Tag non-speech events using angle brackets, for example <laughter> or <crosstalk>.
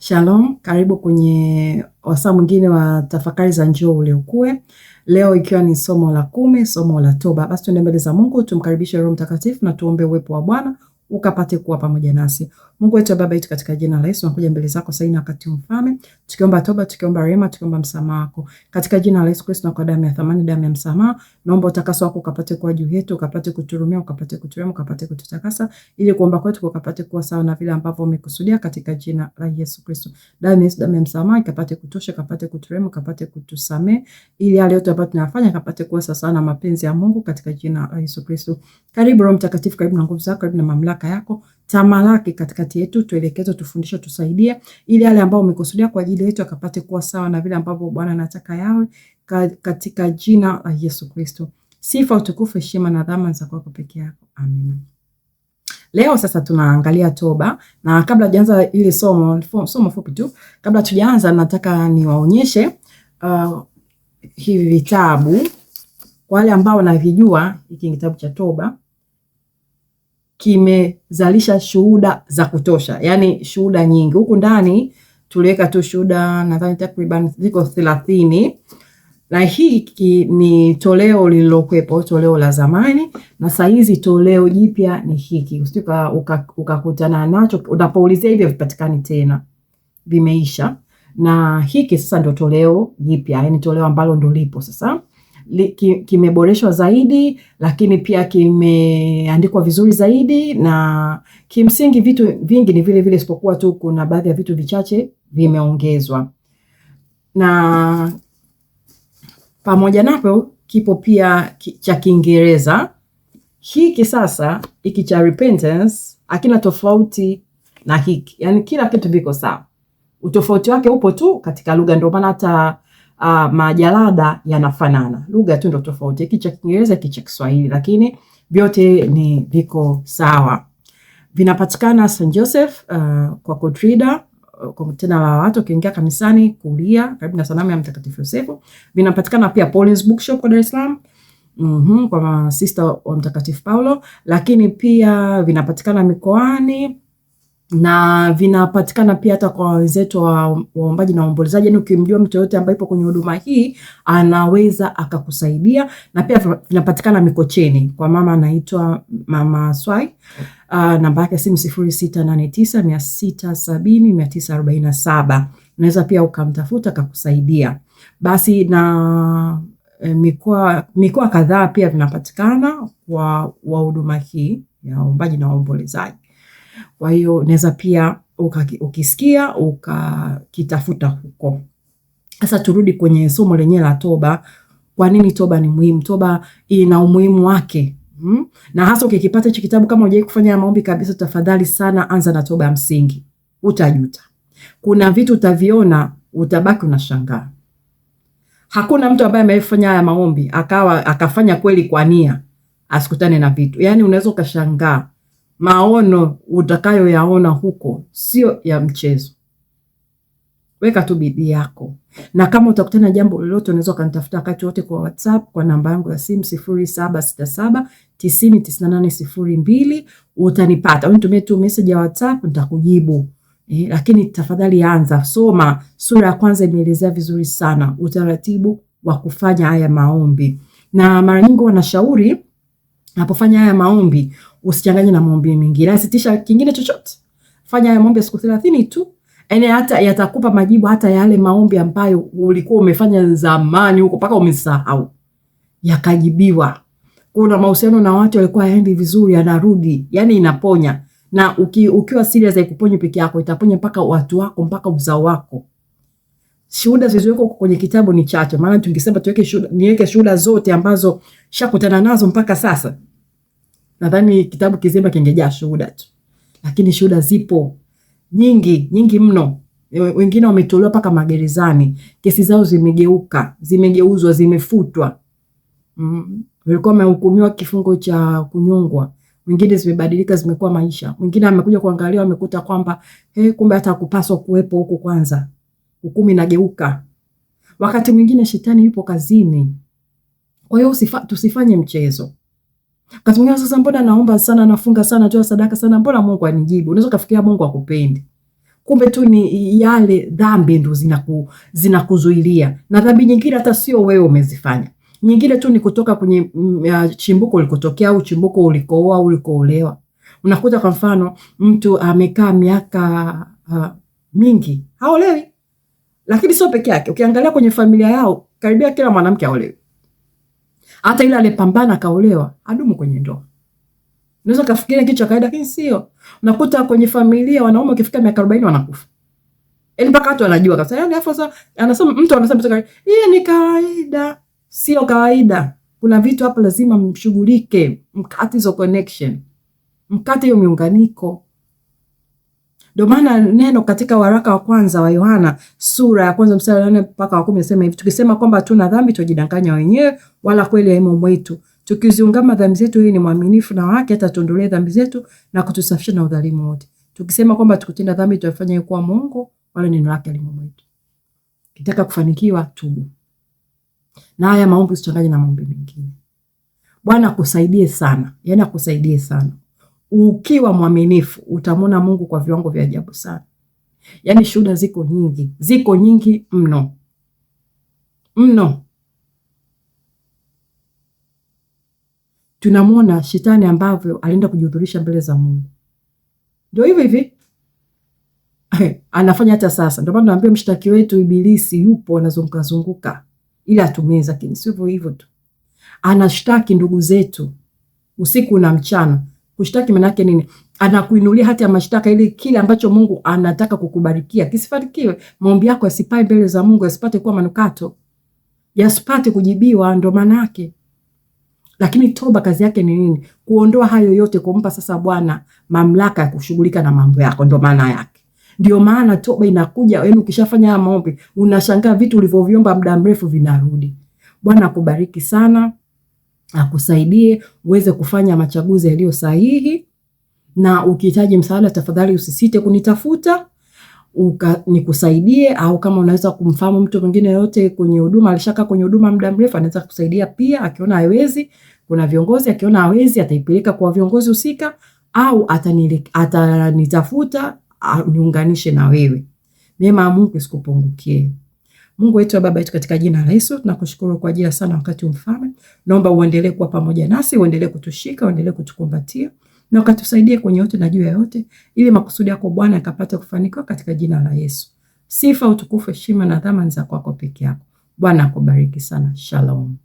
Shalom, karibu kwenye wasaa mwingine wa tafakari za Njoo Ule Ukue, leo ikiwa ni somo la kumi, somo la toba. Basi tuende mbele za Mungu, tumkaribishe Roho Mtakatifu na tuombe uwepo wa Bwana ukapate kuwa pamoja nasi. Mungu wetu Baba yetu, katika jina la Yesu nakuja mbele zako sasa na wakati mfame, tukiomba toba, tukiomba rehema, tukiomba msamaha wako katika jina la Yesu Kristo, na kwa damu ya thamani, damu ya msamaha, naomba utakaso wako ukapate kuwa juu yetu, ukapate kuturumia, ukapate kuturehemu, ukapate kututakasa, ili kuomba kwetu kukapate kuwa sawa na vile ambavyo umekusudia katika jina la Yesu Kristo. Damu ya Yesu, damu ya msamaha, ikapate kutosha, ikapate kuturehemu, ikapate kutusamehe, ili yale yote ambayo tunayafanya ikapate kuwa sawa na mapenzi ya Mungu katika jina la Yesu Kristo. Karibu Roho Mtakatifu, karibu na nguvu zako, karibu na mamlaka baraka yako, tamalaki katikati yetu, tuelekeze, tufundishe, tusaidie, ili yale ambao umekusudia kwa ajili yetu akapate kuwa sawa na vile ambavyo Bwana anataka yawe, katika jina la Yesu Kristo. Sifa, utukufu, heshima na dhama za kwako peke yako, amina. Leo sasa tunaangalia toba, na kabla tujaanza ile somo somo fupi tu, kabla tujaanza, nataka niwaonyeshe uh, hivi vitabu kwa wale ambao wanavijua. Hiki kitabu cha toba kimezalisha shuhuda za kutosha, yaani shuhuda nyingi. Huku ndani tuliweka tu shuhuda nadhani takriban ziko thelathini na hiki ni toleo lililokuwepo, toleo la zamani, na saizi toleo jipya ni hiki. Usituka ukakutana uka nacho unapoulizia hivyo vipatikani tena, vimeisha. Na hiki sasa ndo toleo jipya, yani toleo ambalo ndo lipo sasa kimeboreshwa zaidi, lakini pia kimeandikwa vizuri zaidi, na kimsingi vitu vingi ni vile vile, isipokuwa tu kuna baadhi ya vitu vichache vimeongezwa. Na pamoja napo kipo pia cha Kiingereza hiki sasa, hiki cha repentance hakina tofauti na hiki, yani kila kitu viko sawa. Utofauti wake upo tu katika lugha, ndio maana hata uh, majalada yanafanana, lugha tu ndo tofauti, hiki cha Kiingereza hiki cha Kiswahili, lakini vyote ni viko sawa. Vinapatikana St Joseph uh, kwa Kotrida kwa tena la watu ukiingia kanisani kulia karibu na sanamu ya Mtakatifu Yosefu. Vinapatikana pia Paulins Bookshop kwa Dar es Salaam. Mm -hmm, kwa masista wa Mtakatifu Paulo, lakini pia vinapatikana mikoani na vinapatikana pia hata kwa wenzetu wa waombaji na waombolezaji. Yani ukimjua mtu yoyote ambaye ipo kwenye huduma hii anaweza akakusaidia, na pia vinapatikana Mikocheni kwa mama anaitwa Mama Swai. Uh, namba yake simu sifuri sita nane tisa mia sita sabini mia tisa arobaini na saba. Unaweza pia ukamtafuta akakusaidia. Basi na eh, mikoa mikoa kadhaa pia vinapatikana kwa wa huduma hii ya waombaji na waombolezaji. Kwa hiyo unaweza pia ukisikia ukakitafuta huko. Sasa turudi kwenye somo lenyewe la toba. Kwa nini toba ni muhimu? Toba ina umuhimu wake. Hmm? Na hasa ukikipata hicho kitabu kama hujawahi kufanya maombi kabisa, tafadhali sana anza na toba ya msingi. Utajuta. Kuna vitu utaviona utabaki unashangaa. Hakuna mtu ambaye amefanya haya maombi akawa akafanya kweli kwa nia asikutane na vitu. Yaani unaweza ukashangaa maono utakayoyaona huko sio ya mchezo. Weka tu bidii yako, na kama utakutana jambo lolote, unaweza ukanitafuta wakati wote kwa WhatsApp kwa namba yangu ya simu sifuri saba sita saba tisini tisini nane sifuri mbili. Utanipata, unitumie tu message ya WhatsApp nitakujibu. Eh, lakini tafadhali anza soma. Sura ya kwanza imeelezea vizuri sana utaratibu wa kufanya haya maombi, na mara nyingi wanashauri Unapofanya haya maombi usichanganye na maombi mengine, asitisha kingine chochote. Fanya haya maombi siku 30 tu, Ene yaani hata yatakupa majibu hata yale maombi ambayo ulikuwa umefanya zamani huko paka umesahau, yakajibiwa. Kuna mahusiano na watu walikuwa haendi vizuri, yanarudi, yaani inaponya. Na uki, ukiwa serious haikuponyi peke yako, itaponya mpaka watu wako, mpaka uzao wako. Shuhuda zilizowekwa kwenye kitabu ni chache, maana tungesema tuweke shuhuda, niweke shuhuda zote ambazo shakutana nazo mpaka sasa. Nadhani kitabu kizima kingejaa shuhuda tu, lakini shuhuda zipo nyingi nyingi mno. E, wengine wametolewa mpaka magerezani, kesi zao zimegeuka, zimegeuzwa, zimefutwa. Mm, wamehukumiwa kifungo cha kunyongwa, wengine zimebadilika, zimekuwa maisha. Mwingine amekuja kuangalia, amekuta kwamba hey, kumbe hata kupaswa kuwepo huku kwanza, hukumu inageuka. Wakati mwingine shetani yupo kazini. Kwa hiyo tusifanye mchezo. Wakati mwingine sasa, mbona naomba sana, nafunga sana, natoa sadaka sana, mbona Mungu anijibu? Unaweza kufikiria Mungu akupendi. Kumbe tu ni yale dhambi ndo zinaku, zinakuzuilia. Na dhambi nyingine hata sio wewe umezifanya. Nyingine tu ni kutoka kwenye uh, chimbuko ulikotokea au chimbuko ulikooa ulikoolewa. Unakuta kwa mfano mtu amekaa miaka uh, mingi haolewi. Lakini sio peke yake. Ukiangalia kwenye familia yao karibia kila mwanamke haolewi. Hata yule alipambana akaolewa adumu kwenye ndoa. Unaweza kafikiria kitu cha kawaida, lakini sio. Unakuta kwenye familia wanaume ukifika miaka 40 wanakufa. Yaani mpaka watu wanajua kabisa. Yaani afa sasa anasema mtu anasema yeye ni kawaida. Sio kawaida. Kuna vitu hapa lazima mshughulike, mkate hizo connection. Mkate hiyo miunganiko. Ndio maana neno katika waraka wa kwanza wa Yohana sura ya kwanza mstari wa nane mpaka wa kumi nasema hivi, tukisema kwamba hatuna dhambi twajidanganya wenyewe, wala kweli haimo mwetu. Tukiziungama dhambi zetu, yeye ni mwaminifu na haki, hata tuondolee dhambi zetu na kutusafisha na udhalimu wote. Tukisema kwamba tukutenda dhambi twafanya kuwa Mungu, wala neno lake halimo mwetu. Kitaka kufanikiwa, tubu. Na haya maombi usichanganye na maombi mengine. Bwana akusaidie sana, yaani akusaidie sana ukiwa mwaminifu utamwona Mungu kwa viwango vya ajabu sana. Yaani shuhuda ziko nyingi, ziko nyingi mno mno. Tunamwona shetani ambavyo alienda kujihudhurisha mbele za Mungu, ndio hivyo hivi <laughs> anafanya hata sasa. Ndio maana naambia mshtaki wetu Ibilisi yupo anazunguka zunguka, ila atumezi, lakini sivyo hivyo tu, anashtaki ndugu zetu usiku na mchana Kushtaki manake nini? Anakuinulia hati ya mashtaka ili kile ambacho Mungu anataka kukubarikia kisifanikiwe, maombi yako yasipae mbele za Mungu, yasipate kuwa manukato, yasipate kujibiwa, ndo maana Lakini toba kazi yake ni nini? Kuondoa hayo yote, kumpa sasa Bwana mamlaka ya kushughulika na mambo yako, ndo maana yake. Ndio maana toba inakuja, yaani ukishafanya maombi unashangaa vitu ulivyoviomba muda mrefu vinarudi. Bwana akubariki sana akusaidie uweze kufanya machaguzi yaliyo sahihi, na ukihitaji msaada, tafadhali usisite kunitafuta uka, nikusaidie au kama unaweza kumfahamu mtu mwingine yote kwenye huduma alishaka kwenye huduma muda mrefu anaweza kusaidia pia. Akiona hawezi, kuna viongozi, akiona hawezi ataipeleka kwa viongozi husika au atanitafuta niunganishe na wewe. Neema ya Mungu isikupungukie. Mungu wetu wa baba yetu katika jina la Yesu, tunakushukuru kwa ajili sana wakati mfalme. Naomba uendelee kuwa pamoja nasi, uendelee kutushika, uendelee kutukumbatia na ukatusaidie kwenye yote na juu ya yote, ili makusudi yako Bwana yakapate kufanikiwa katika jina la Yesu. Sifa, utukufu, heshima na dhamani za kwako peke yako. Bwana akubariki sana. Shalom.